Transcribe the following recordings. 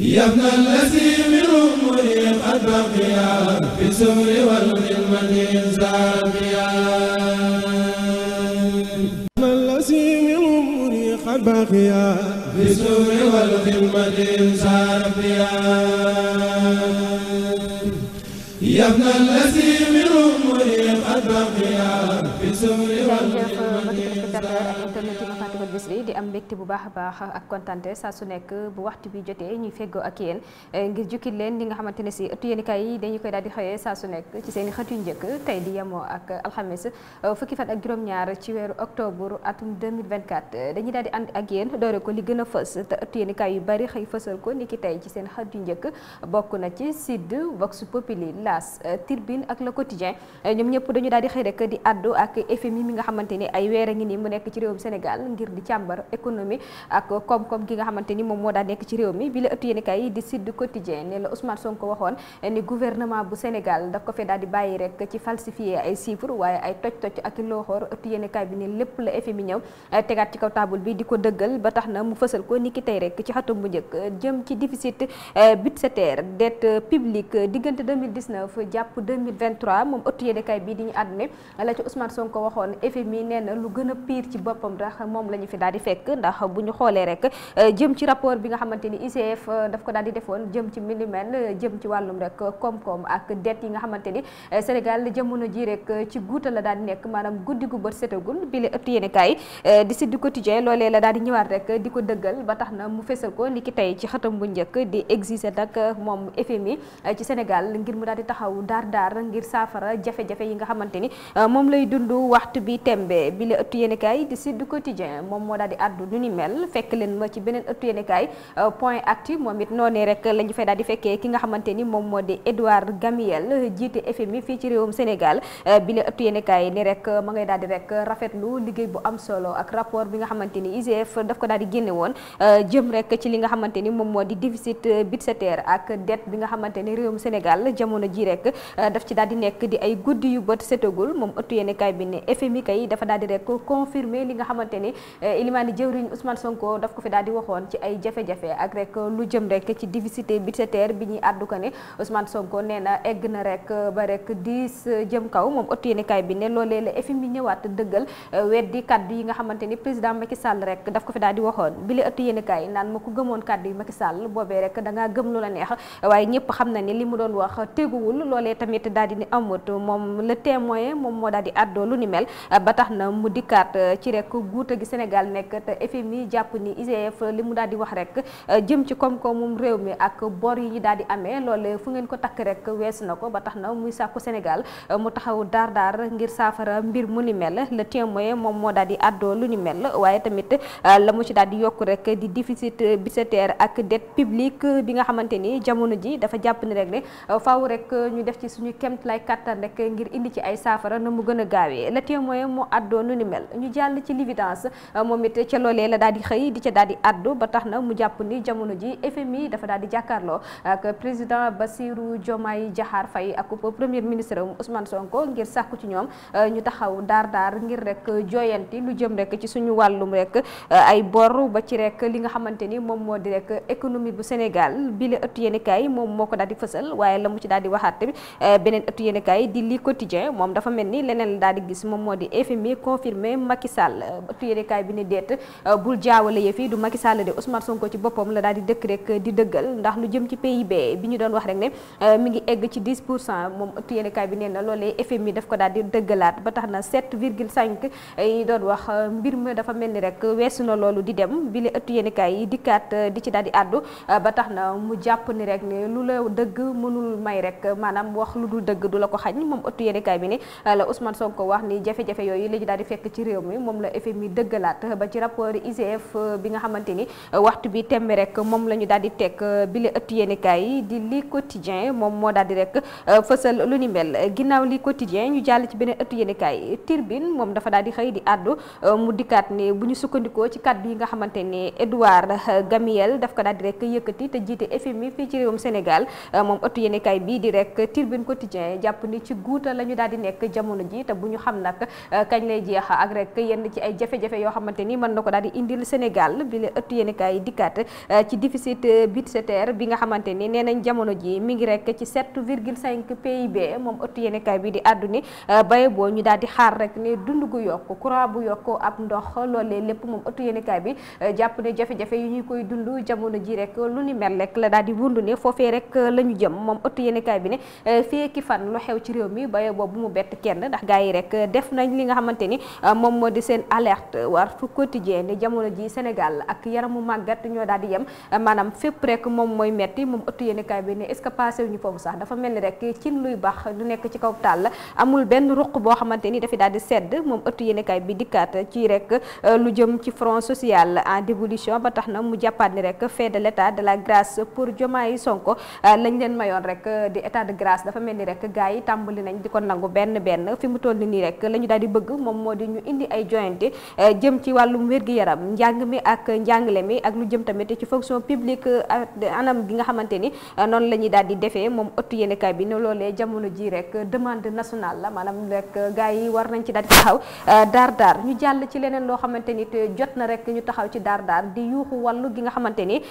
يا ابن الذي من عمري قد بقيا في الزمر والغلمة زابيا الذي من عمري قد بقيا في الزمر والغلمة زابيا يا ابن الذي من عمري قد بقيا في الزمر والغلمة زابيا bës bi di am mbégte bu baax a baax ak kontante saa su nekk bu waxtu bi jotee ñuy feggoo ak yéen eh, ngir jukkil leen li nga xamante ne si ëttu yéenekaay yi dañu koy daal di xëyee saa su nekk ci seen i xët yu njëkk tey di yemoo ak alxames eh, ak juróom-ñaar ci weeru octobre atum 2024 eh, dañuy daal di ànd ak yéen doore ko li gën a fës te ëttu yéenekaay yu bari xëy fësal ko ni ki tey ci seen xët yu njëkk bokk na ci Sud Vox Populi L'As Tribune ak Le Quotidien ñoom ñëpp dañu daal di xëy rek di addu ak FMI mi nga xamante ni ay weer a ngi ni mu nekk ci réewum Sénégal ngir di càmbar économie ak koom-koom gi nga xamante ni moom moo daa nekk ci réew mi bi la ëttu yéen kay di Sud Quotidien la Ousmane Sonko waxoon ko i looxoor euh, waxoon FMI nee lu gën a ci boppam tax moom la ñu daal di fekk ndax bu ñu xoolee rek euh, jëm ci rapport bi nga xamante ni ICF euh, daf ko daal di defoon jëm ci minimel euh, jëm ci wàllum rek koom-koom ak dette yi nga xamante ni Sénégal jamono ji rek ci guuta la daal di nekk maanaam guddi gu bët setagul bi la ëpp yéene kaay di Sud Quotidien daal di ñëwaat rek di ko dëggal ba tax na mu fesal ko ni ki tey ci xëtam bu njëkk di exiger nag moom FMI ci Sénégal ngir mu daal di taxaw daar daar ngir saafara jafe-jafe yi nga xamante ni moom lay dund waxtu bi tembe bi moom moo daal di addu nu ni mel fekk euh, moom ni moom moo di Edouard Gamiel jiite FMI fii ci euh, di rek rafetlu bu am solo ak rapport bi nga xamante ni IGF ko daal di génne woon euh, jëm rek ci li nga xamante ni moom moo di déficit budgétaire ak dette bi nga xamante ni réewum Sénégal jamono ji rek daf ci daal di nekk di ay guddi yu bët setagul moom ëttu yéenekaay bi ne FMI kay dafa daal di rek confirmer li nga xamante Ilimani jëwriñ Ousmane Sonko daf ko fi daal di waxoon ci ay jafe-jafe ak rek lu jëm rek ci difficulté budgétaire bi ñuy àddu ko ne Ousmane Sonko nee na egg na rek ba rek diis jëm kaw moom ëttu yéenekaay bi ne loolee la effet bi ñëwaat dëggal weddi kaddu yi nga xamante ni président Macky Sall rek daf ko fi daal di waxoon bi li ëttu yéenekaay naan ma ko gëmoon kaddu yi Macky Sall boobee rek da ngaa gëm lu la neex waaye ñëpp xam na ni li mu doon wax teguwul loolee tamit daal di ni amut moom le témoin moom moo daal di àddoo lu ni mel ba tax na mu dikkaat ci rek guuta gi Sénégal Sénégal nekk te FMI jàpp ni IGF li mu daal di wax rek euh, jëm ci koom-koomum réew mi ak bor yi ñu daal di amee loolu fu ngeen ko takk rek weesu na ko ba tax na muy sàkku Sénégal euh, mu taxaw daar daar ngir saafara mbir mu ni mel le témoin moom moo daal di àddoo lu ni mel waaye tamit euh, la mu ci daal di yokk rek di déficit budgétaire ak dette publique bi nga xamante ni jamono ji dafa jàpp ni rek ne faaw rek ñu def ci suñu kemt lay rek ngir indi ci ay saafara na mu gën a gaawee le témoin moo àddoo moom it ca loolee la daal di xëy di ca daal di addu ba tax na mu jàpp ni jamono ji FMI dafa daal di jàkkaarloo ak président Bassirou Diomaye Diakhar Faye ak premier ministre Ousmane Sonko ngir ci ñoom euh, ñu taxaw daar euh, ba li nga xamante ni moom moo di rek économie bu Sénégal bi la ëttu yéenekaay moom moo ko daal di fësal waaye la mu ci daal di waxaat tamit euh, beneen ëttu yéenekaay di li quotidien moom dafa mel ni leneen la daal di gis moom moo di FMI confirmé Macky Sall ëttu yéenekaay bi ne déet euh, bul jaawale yëf yi du Macky Sall de Ousmane Sonko ci boppam la daal dëkk rek di dëggal ndax lu jëm ci PIB bi ñu doon wax rek ne euh, mi ngi egg ci 10 pour cent moom ëttu yéenekaay bi yi doon wax euh, mbir ma dafa mel ni la ëttu yéenekaay lu la dëgg mënul may rek maanaam wax lu dul dëgg du la ko xañ moom ëttu yéenekaay bi ne la wax ni jafe-jafe yooyu la ñu fekk ci réew mi moom la FMI dëggalaat fexe ba ci rapport IGF euh, bi nga xamante ni euh, waxtu bi tembe rek moom la ñu daal di teg euh, bile ëtt yéenekaay yi di li quotidien moom moo daal di rek fësal lu ni mel ginnaaw li quotidien ñu jàll ci beneen ëtt yéenekaay yi Tribune moom dafa daal di xëy di àddu mu dikkaat ni bu ñu sukkandikoo ci kàddu yi nga xamante ne Edouard Gamiel daf ko daal di rek yëkkati te jiite FMI fii ci réewum Sénégal moom ëtt yéenekaay bii di rek Tribune quotidien jàpp ni ci guuta la ñu daal di nekk jamono ji bu ñu xam nag kañ lay jeex ak rek yenn xamante ni mën na ko daal di indil Sénégal bi la ëttu yéenekaay eh, ci déficit eh, budgétaire bi nga xamante ni nee nañ jamono ji mi ngi rek ci 7 virgule 5 PIB moom ëttu yéenekaay bi di àddu ni eh, boo ñu daal di xaar rek ne dund gu yokk courant bu yokk ab ndox loolee lépp moom ëttu yéenekaay bi jàpp ne jafe-jafe yu ñuy koy dund jamono ji rek lu ni mel rek la daal di wund ne foofee rek la ñu jëm moom ëttu yéenekaay bi ne feeki fan lu xew ci réew mi baye bu mu bett kenn ndax gars yi rek def nañ li nga xamante ni moom moo di seen quotidien ne jamono ji Sénégal ak yaramu màggat ñoo daal di yem maanaam fépp rek moom mooy metti moom ëttu yéenekaay bi ne est-ce que passé wuñu foofu sax dafa mel ni rek cin luy baax lu nekk ci kaw tàll benn ruq boo xamante ni dafi daal di sedd moom ëttu yéenekaay bi dikkaat ci rek euh, lu jëm ci front social en dévolution ba tax na mu jàppaat rek fait de l'état de la grâce pour Diomaye Sonko euh, lañ leen mayoon rek euh, di état de grâce dafa mel ni rek gars yi tàmbali nañ di ko nangu benn benn fi mu toll nii rek la ñu daal di bëgg moom moo di ñu indi ay joyante jëm ci wàllum wér-gi-yaram njàng mi ak njàngale mi ak lu jëm tamit ci fonction publique euh, anam gi nga xamante ni euh, noonu la ñuy daal di defee moom ëttu yéenekaay bi ne loolee jamono ji rek demande nationale la maanaam gars yi war nañ ci daal di euh, daar daar ñu jàll ci leneen loo xamante ni jot na rek ñu taxaw ci daar daar di yuuxu wàllu gi nga xamante ni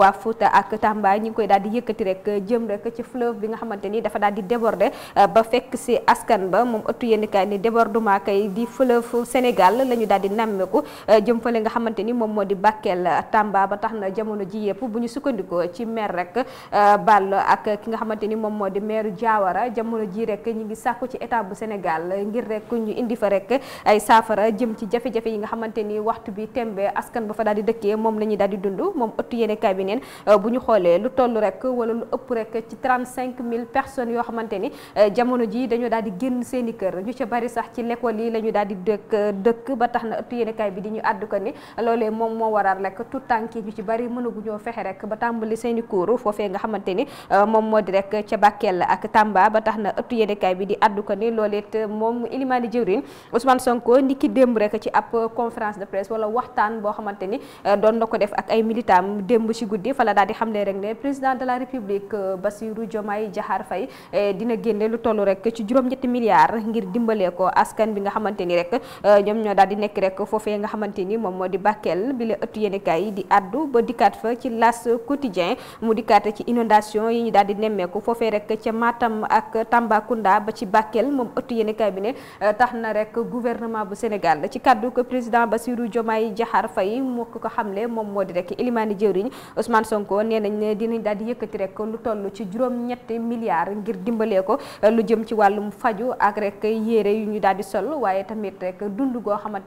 waa Fuuta ak Tamba ñi ngi koy daal di yëkkati rek jëm rek ci fleuve bi nga xamante ni dafa daal di déborder ba fekk si askan ba moom ëttu yéenekaay ni débordement kay di fleuve Sénégal la ñu daal di nammeku Eh, jëm fële nga xamante ni moom moo di Bakel eh, Tamba ba tax na jamono ji yëpp bu ñu sukkandikoo ci maire rek eh, Ball ak ki nga xamante ni moom moo di maire Diawara jamono ji rek ñi ngi sàkku ci état bu Sénégal ngir rek ñu indi fa rek ay saafara jëm ci jafe-jafe yi nga xamante ni waxtu bi tembe askan ba fa daal di dëkkee moom la ñuy daal di dund moom ëttu yéenekaay bi neen bu ñu xoolee lu toll rek wala lu ëpp rek ci cinq mille personnes yoo xamante ni jamono ji dañoo daal di génn seen i kër ñu ci bari sax ci l'école yi la ñu daal di dëkk dëkk ba tax na ëttu bi di ñu àddu ni loole moom moo waral rek tout tànk yi ñu ci bari mënaguñoo fexe rek ba tàmbali seen i cours foofee nga xamante ni euh, moom moo di rek ca Bakel ak Tamba ba tax na ëttu yéenekaay bi di àddu ko ni loolee it moom Ilimani Diourine Ousmane Sonko ni ki démb rek ci ab conférence de presse wala waxtaan boo xamante ni euh, doon na ko def ak ay militam démb ci guddi fala la daal di xam ne rek ne président de la république euh, Bassirou Diomaye jaxaar fay dina génne lu toll rek ci juróom-ñetti milliards ngir dimbalee ko askan bi nga xamante ni rek ñoom ñoo daal di nekk rek foofee xamante ni moom moo di Bakel bi la ëttu yéenekaay yi di addu ba dikkaat fa ci las quotidien mu dikkaat ci inondation yi ñu daal di nemmeeku foofee rek ca Matam ak Tambacounda ba ci Bakel moom ëttu yéenekaay bi ne euh, tax na rek gouvernement bu Sénégal ci kaddu ko président Bassirou Diomaye Diakhar fay moo ko xamle moom moo di rek Elimani jëwriñ Ousmane Sonko nee nañ ne dinañ daal di yëkkati rek lu toll ci juróom-ñetti milliards ngir dimbalee ko euh, lu jëm ci wàllum faju ak rek yére yu ñu daal di sol waaye tamit rek dund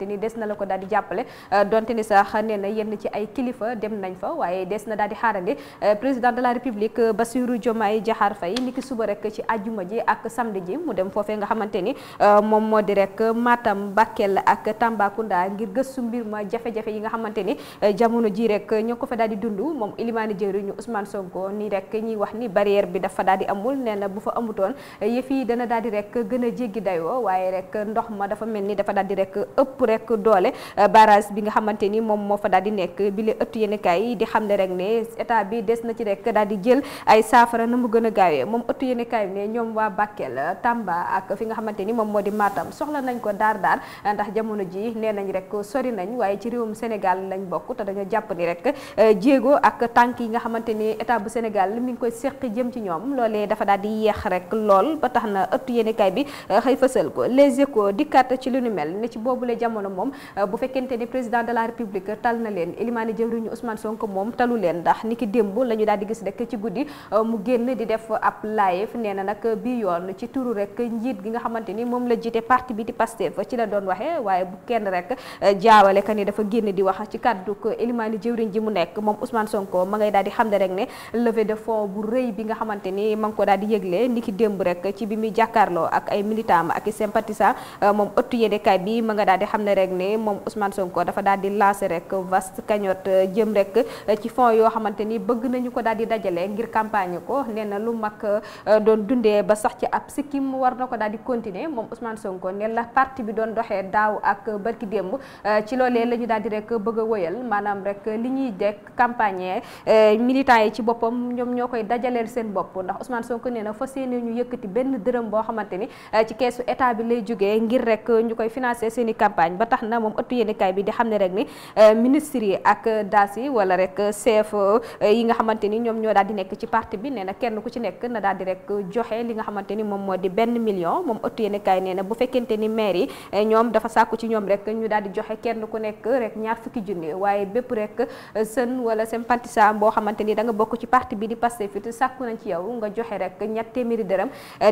ni des na la ko daal jàppale euh, donte ni sax nee na yenn ci ay kilifa dem nañ fa waaye des na daal di xaarandi euh, président de la république euh, Bassirou Diomaye Diakhar Faye niki suba rek ci ajjuma ji ak samedi ji mu dem foofee nga xamante ni moom moo di rek Matam Bakel ak Tambacounda ngir gëstu mbir ma jafe yi nga xamante ni jamono ji rek ñoo ko di dund moom Ilimani jëriñu Ousmane Sonko nii rek ñuy wax ni barrière bi dafa daal di amul nee na bu fa amutoon yëf yi dana daal di rek gën a jéggi dayoo waaye rek ndox ma dafa mel ni dafa daal di rek ëpp rek doole Euh, barrage bi nga xamante ni moom moo fa daal di nekk bi la ëtt yéenekaay yi di xam ne rek ne état bi des na ci rek daal di jël ay saafara na mu gën a gaawee moom ëtt yéenekaay bi ñoom waa Bakel Tamba ak fi nga xamante ni moom moo di Matam soxla nañ ko daar daar ndax jamono ji nee nañ rek sori nañ waaye ci réewum Sénégal lañ bokk te dañoo jàpp ni rek euh, jéego ak tànk yi nga xamante ni état bu Sénégal mi ngi koy seq jëm ci ñoom loolee dafa daal di yeex rek lool ba tax na ëtt yéenekaay bi euh, xëy fësal ko les échos dikkaat ci lu nu mel ne ci boobule jamono moom bu fekkee fekkente ni président de la république tal na leen Elimane jëwriñu Ousmane Sonko moom talu leen ndax niki démb la ñu daal di gis rek ci euh, mu génn di def ab live nee na nag bi rek njiit gi nga xamante ni moom bi di Pastef ci la doon waxee waaye bu kenn rek euh, jaawale ka ni dafa génn di wax ci ko Elimane ma ngay xam ne rek ne levée de fonds bu rëy bi nga xamante ni ma ngi ko daal yëgle niki démb rek ci bi muy jàkkaarloo ak ay militant ak i sympathisant euh, moom ëttu yéenekaay bi ma nga daal xam ne rek ne Ousmane Sonko dafa daal di lancé rek vaste cagnotte euh, jëm rek euh, ci fonds yoo xamante bëgg nañu ko daal di dajale ngir campagne ko nee na lu mag euh, doon dundee ba sax ci ab sikkim war na ko daal di continuer moom Ousmane Sonko ne la parti bi doon doxee daaw ak barki démb ci loolee la ñu daal di rek bëgg a wëyal maanaam rek li ñuy dekk campagne militants yi ci boppam ñoom ñoo koy dajaleel seen bopp ndax Ousmane Sonko nee na fas ñu yëkkati benn dërëm boo xamante ni ci keesu état bi lay jógee ngir rek ñu koy financer seen i campagne ba tax na moom ëttu yéene yéenekaay bi di xam ne rek ni euh, ministres yi ak daas yi wala rek CFO yi nga xamante ni ñoom ñoo daal di nekk ci parti bi nee na kenn ku ci nekk na daal di rek joxe li nga xamante ni moom moo di benn million moom ëttu yéenekaay nee na bu fekkente ni maire yi euh, ñoom dafa sàkku ci ñoom rek ñu daal di joxe kenn ku nekk rek ñaar fukki junni waaye bépp rek euh, sën wala sympathisant boo xamante ni da bokk ci parti bi di Pastef it sàkku nañ ci yow nga joxe rek ñett téeméeri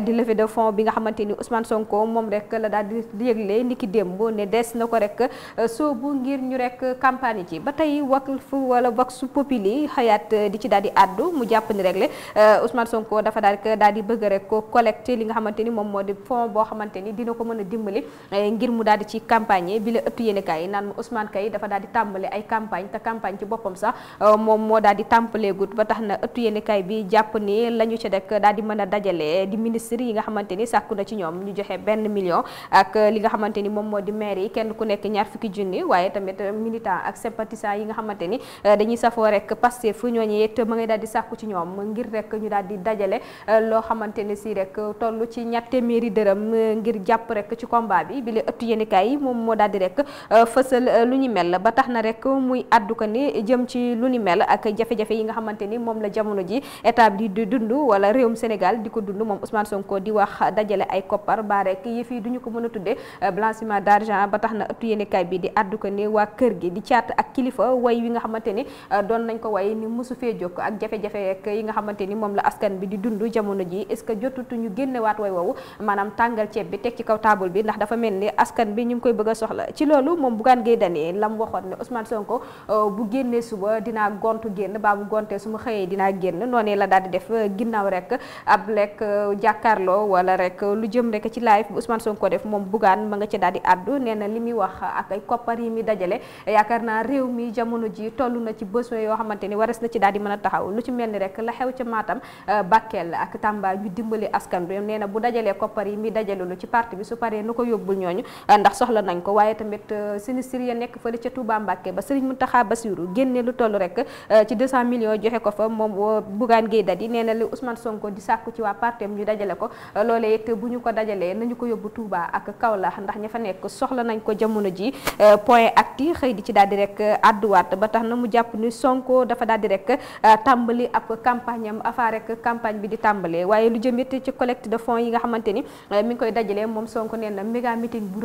di levée de fonds bi nga xamante ni Ousmane Sonko moom rek la daal di yëgle niki démb ne des na ko rek soobu ngir ñu rek campagne ci ba tey Walf wala Vox Populi xayaat di ci daal di àddu mu jàpp ni rek le euh, Ousmane Sonko dafa daal daal di bëgg rek ko collecté li nga xamante ni moom moo di fond boo xamante ni dina ko mën a dimbali euh, ngir mu daal di ci campagne bi la ëpp yéenekaay yi naan Ousmane kay daal di tàmbale ay campagne te campagne ci boppam sax euh, moom moo daal di tàmbaleegut ba tax na ëpp yéenekaay bi jàpp ni la ñu ci rek daal di mën a dajale di ministre yi nga xamante ni sàkku na ci ñoom ñu joxe benn million ak li nga ni moom moo di kenn ku nekk ñaar fukki junni waaye tamit militant ak sympathisant yi nga xamante ni eh, dañuy safoo rek Pastef ñooñu it ma ngay daal sàkku ci ñoom ngir rek ñu daal dajale eh, loo xamante ne si rek toll ci ñatt téeméeri dërëm eh, ngir jàpp rek ci combat bi bi la ëttu yéenekaay yi moom moo daal di rek fësal lu ñu mel ba tax na rek muy àddu ko ni jëm ci lu ni mel ak jafe yi nga xamante ni moom la jamono ji état bi di dund wala réewum Sénégal di ko dund moom Ousmane Sonko di wax dajale ay koppar ba rek yëf yi ko mën a tuddee d'argent ba tax na ëttu yéenekaay bi di addu ko ne waa kër gi di caat ak kilifa way wi nga xamante ni euh, doon nañ ko woy ni mosu fee jokk ak jafe-jafe ak yi nga xamante ni moom la askan bi di dund jamono ji est-ce que jotutu ñu génnewaat way woowu maanaam tàngal ceeb bi teg ci kaw taabal bi ndax dafa mel ni askan bi ñu ngi koy bëgg soxla ci loolu moom Bougane Gueye Dany la mu waxoon ne Ousmane ko euh, bu génnee suba dinaa gontu génn baa bu gontee su ma xëyee dinaa génn noonu la daal di def euh, ginnaaw rek ab lekk jàkkaarloo wala rek lu jëm rek ci live bu Ousmane Sonko def moom Bougane ma nga ci daal di addu nee li muy wax ak koppar yi mi dajale yaakaar naa réew mi jamono ji toll na ci besoin yoo xamante ni wares na ci daal di mën a taxaw lu ci mel ni rek la xew ca Matam euh, ak Tamba ñu dimbali askan bi nee na bu dajalee koppar yi mi dajale lu ci parti bi su paree nu ko yóbbul ñooñu euh, ndax soxla nañ ko waaye tamit euh, sinistre ya nekk fële ca Touba Mbacké ba Serigne Mountakha génne lu toll rek ci 200 million joxe ko fa moom Bougane Gueye Dany nee na li Ousmane Sonko di sàkku ci waa partem ñu dajale ko loolee it bu ñu ko dajalee nañu ko yóbbu Touba ak Kaolack ndax ña fa nekk soxla nañ ko jamono ji Euh, point acti xëy di ci daal di rek euh, àdduwaat ba tax na mu jàpp ni Sonko dafa daal di rek euh, tàmbali ak campagne am afaa rek campagne bi di tàmbalee waaye lu jëm jëmit ci collecte de fonds yi nga xamante ni mi ngi koy dajalee moom Sonko nee na méga meeting bu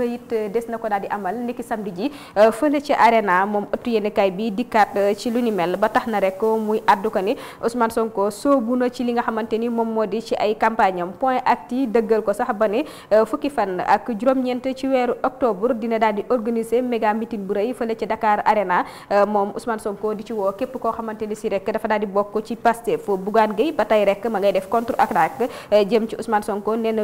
des na ko daal di amal niki samedi ji ci arena moom ëttu yéenekaay bi dikkaat ci lu ni mel ba tax na rek muy àddu ko ni Ousmane Sonko soobu na ci li nga xamante ni moom moo di ci ay campagne am point acti dëggal ko sax ba ni fukki fan ak juróom-ñeent ci weeru octobre dina daal di organiser méga meeting bu rëy fële ci Dakar Arena euh, moom Ousmane Sonko di ci woo képp koo xamante si rek dafa daal bokk ci Pastef Bougane Gueye ba tey rek ma ngay def contre attaque euh, jëm ci Ousmane Sonko nee na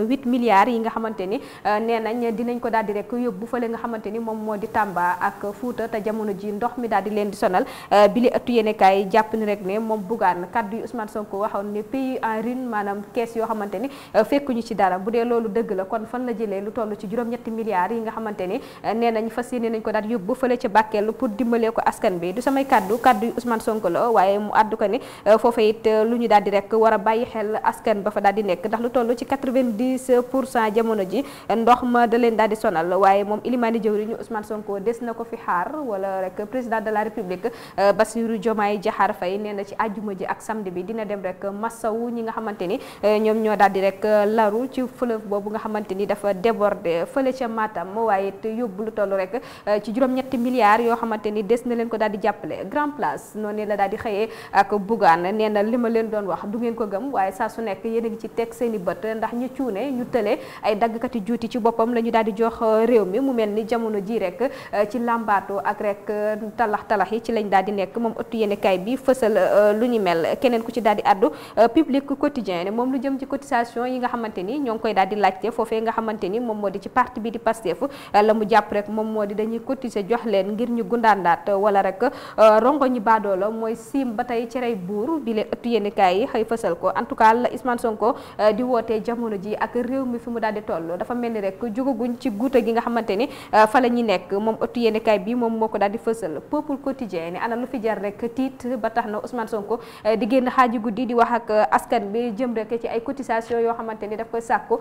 Sonko waxoon ne pays en ruine maanaam kees yoo xamante euh, fekkuñu ci dara bu dee loolu dëgg la kon fan la jëlee lu toll ci juróom-ñetti milliards yi nga xamante ni nee nañ nañ ko daal yóbbu fële ca Bakel pour dimbalee ko askan bi du kaddu kaddu yu Ousmane Sonko la waaye mu àddu ko euh, foofa it euh, lu ñu daal di rek war a bàyyi xel askan ba fa daal di nekk ndax lu toll ci 90 pour cent jamono ji ndox ma da leen daal di sonal waaye moom Ilimani jëwriñu Ousmane Sonko des na ko fi xaar wala rek président de la République euh, Bassirou Diomaye Diakhar Faye nee na ci àjjuma ji ak samedi bi dina dem rek massawu ñi nga xamante ni ñoom ñoo daal di rek laru ci fleuve boobu nga xamante ni dafa déborder fële ca Matam waaye it yóbbu lu tollu rek Euh, ci juróom-ñetti milliards yoo xamante ni des na leen ko daal di jàppale grand place noonu la daal di xëyee ak Bougane nee na li ma leen doon wax du ngeen ko gëm waaye saa su nekk yéen a ngi ci teg seeni i bët ndax ñu cuune ñu tële ay kati juuti ci boppam la ñu daal di jox euh, réew mi mu mel ni jamono ji rek euh, ci làmbaatoo ak rek talax talax yi ci lañ daal di nekk moom ëttu yéene kaay bi fësal lu ñu mel keneen ku ci daal di addu public quotidien moom lu jëm ci cotisation yi nga xamante ni ñoo ngi koy daal di laajte foofee nga xamante ni moom moo di ci moo di dañu ñi cotiser jox leen ngir ñu gundaandaat wala rek euh, rongo ñi baadoola mooy siim ba tey cere buur bi leen ëttu yéenekaay yi xëy fësal ko en tout cas la Ousmane Sonko euh, di wootee jamono ji ak réew mi fi mu daal di toll dafa mel ni rek jugaguñ ci guuta gi nga xamante ni euh, fa la ñuy nekk moom ëttu yéenekaay bi moom moo ko daal di fësal peuple quotidien ni ana lu fi jar rek tiit ba tax na Ousmane Sonko di génn xaaji guddi di wax ak askan bi jëm rek ci ay cotisation yoo xamante ni daf koy sàkku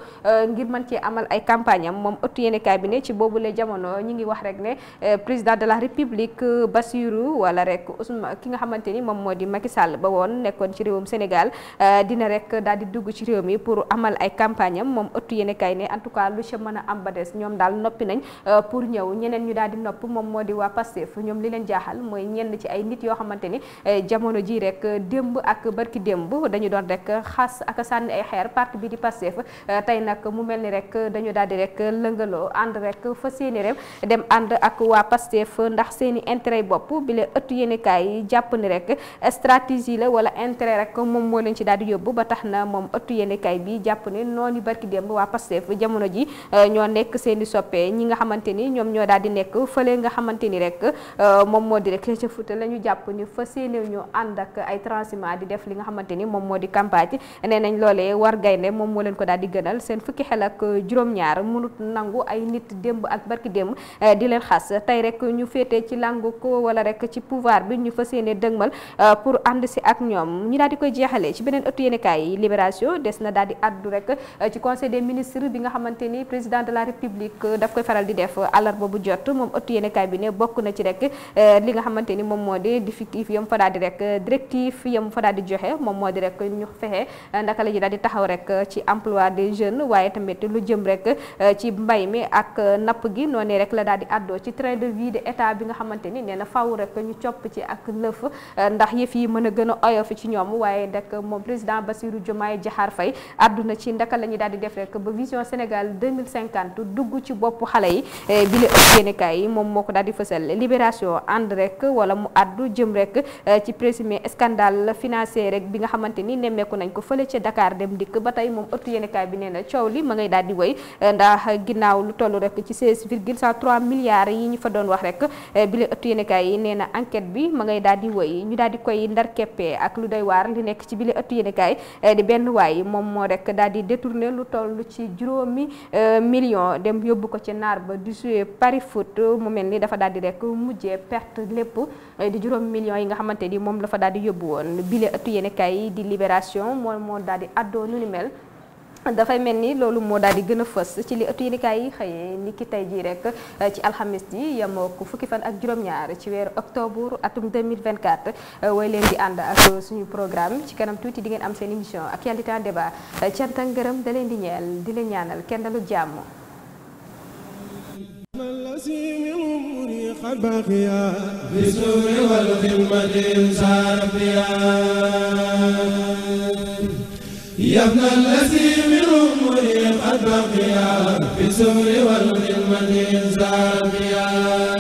ngir mën ci amal ay campagne moom ëttu yéenekaay bi ne ci boobu le jamono ñi ngi wax rek ne eh, président de la république eh, Bassirou wala rek Ousmane ki nga xamante ni moom moo di Macky Sall ba woon nekkoon ci réewum Sénégal eh, dina rek daal di dugg ci réew mi pour amal ay campagne am moom ëttu yéene kay ne en tout cas lu ci mën a am ba des ñoom daal noppi nañ pour ñëw ñeneen ñu daal di nopp moom moo di waa Pastef ñoom li leen jaaxal mooy ñenn ci ay nit yoo xamante ni jamono ji rek démb ak barki démb dañu doon rek xas ak sànni ay xeer parti bi di Pastef tey nag mu mel ni rek dañu daal di rek lëngaloo ànd ànd ak waa PASTEF ndax seen i intérêt bopp bi la ëttu yéenekaay jàpp ni rek stratégie la wala intérêt rek moom moo leen ci daal di yóbbu ba tax na moom ëttu yéenekaay bi jàpp ne euh, ñoo nekk seen i ñi nga xamante ni ñoom ñoo daal di nekk fële nga xamante ni rek euh, moom moo di rek la ñu jàpp ni fa seen ñu ànd ak ay transhumants di def li nga xamante ni moom moo di campagne nee nañ loolee war gaynde moom moo leen ko daal di gënal seen fukki xel ak juróom-ñaar mënut nangu ay nit démb ak barki démb euh, leen xas tey rek ñu féetee ci làngu ko wala rek bi ñu fas euh, des na daal di addu rek euh, ci conseil des ministres bi nga xamante ni président de la république euh, daf koy faral di def àllarba bu jot moom ëttu yéenekaay bi ne bokk na ci rek li nga xamante ni moom moo di diffictif yam fa daal di rek directif yam fa daal di joxe moom moo di rek ñu fexe ndaka la ji daal di taxaw rek ci emploi des jeunes waaye tamit lu jëm rek ci mbay mi ak napp gi noonu rek la daal di àddoo ci train de vie de état bi nga xamante ni nee na faw rek ñu copp ci ak lëf euh, ndax a gën a oyof ci ñoom waaye ñuy daal di def rek ba vision Sénégal 2050 dugg ci bopp xale yi euh, bi la ëpp yéenekaay yi moom moo ko daal di fësal libération ànd rek wala mu àddu jëm rek euh, ci présumé scandale financier rek bi nga xamante ni nemmeeku nañ ko fële ca Dakar dem dikk ba tey moom ëttu yéenekaay bi nee na coow li ma ngay daal di woy ndax ginnaaw lu toll rek ci milliards milliards yi ñu fa doon wax rek eh, bi la ëttu yéenekaay yi nee na enquête bi ma ngay daal di wëy ñu daal di koy ndar keppee ak lu doy waar li nekk ci bi la ëttu eh, di benn waay yi moom moo rek daal di détourné lu toll ci juróomi eh, million dem yóbbu ko ci naar ba di jouer pari foot mu mel ni dafa daal di rek mujjee perte lépp di juróomi million yi nga xamante ni moom lafa fa daal di yóbbu woon bi la ëttu yéenekaay yi di libération moom moo daal di addoo nu ni mel dafay mel ni loolu moo daal di gën a fës ci li ëttu yéenekaay yi xëyee ni ki tey jii rek eh, ci alxames yi yemoo fukki fan ak juróom-ñaar ci weeru octobre atum 2024 eh, way leen di ànd ak suñu programme ci kanam tuuti di ngeen am seen émission actualité en débat eh, cant ak ngërëm da di ñeel di ñaanal kenn dalu jàmm si يا ابن الذي من أمري قد بقي في الزمر والظلمة زاميا